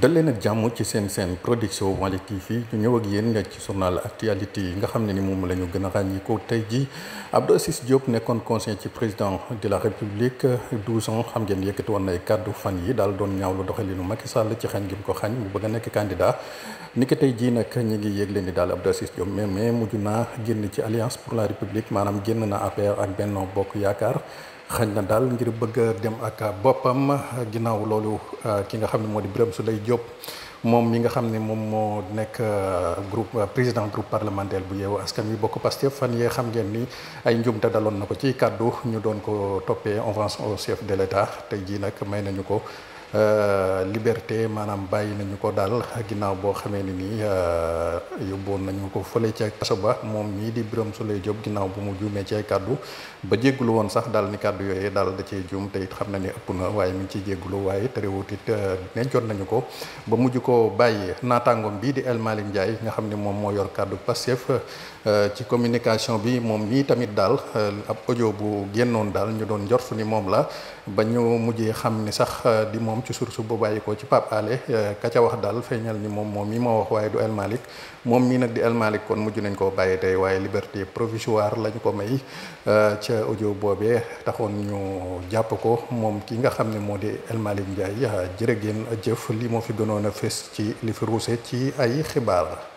dal leen ak jàmm ci seen seen production Malick TV ñu ñëw ak yéen ci journal actualité yi nga xam ne ni moom la ñu gën a ràññeekoo tey jii Abdou Aziz Diop nekkoon conseiller ci président de la république 12 xam ngeen yëkkati woon na ay kàddu fan yi daal doon ñaawlu doxalinu Macky Sall ci xañ gi mu ko xañ mu bëgg a nekk candidat ni ki tey jii nag ñu ngi yéeg leen di daal Abdou Aziz Diop mais mais mujj naa génn ci alliance pour la république maanaam génn na APR ak Benno Bokk Yaakaar. xagn dal ngir bëgg dem ak boppam eh, ginnaaw loolu eh, ki nga xam ne moo di bërëm su lay jóg moom mi nga xam ne eh, moom moo nekk groupe président groupe parlementaire bu yeewu askan wi bokk pasteef fan yee xam ngeen ni ay njum da daloon na ko ci kàddu ñu doon ko toppee en vance au chef de l' état tey jii may nañu ko Eh, liberté manam bay nañu ko dal ginaaw bo xamé ni euh yobon nañu ko fele ci kasaba mom mi di birom sulay job ginaaw bu mu jume ci kaddu ba jéglu won sax dal ni kaddu yoyé dal da ci jum te it xam ni ëpp na way mi ci jéglu way téré wuti eh, nañ nañu ko ba mu ko bayyi na tangom bi di el malik ndjay nga xam ni mom mo yor kaddu passef eh, ci communication bi mom mi tamit dal ab audio bu gennon dal ñu don jorf ni mom la ba ñu mujjé xam sax di mom ci su bu bàyyi ko ci Pape Alé eh, ka ca wax daal feeñal ni moom moom mi moo wax waaye du El moom mii nag di El kon mujj nañ koo bàyyi tey waaye liberté provisoire lañ ko may eh, ca audio boobe taxoon ñu jàpp ko moom ki nga xam ne moo di El Malick Ndiaye eh, jërë ngeen jëf li moo fi gënoon a fës ci li fi ruuse ci ay xibaar.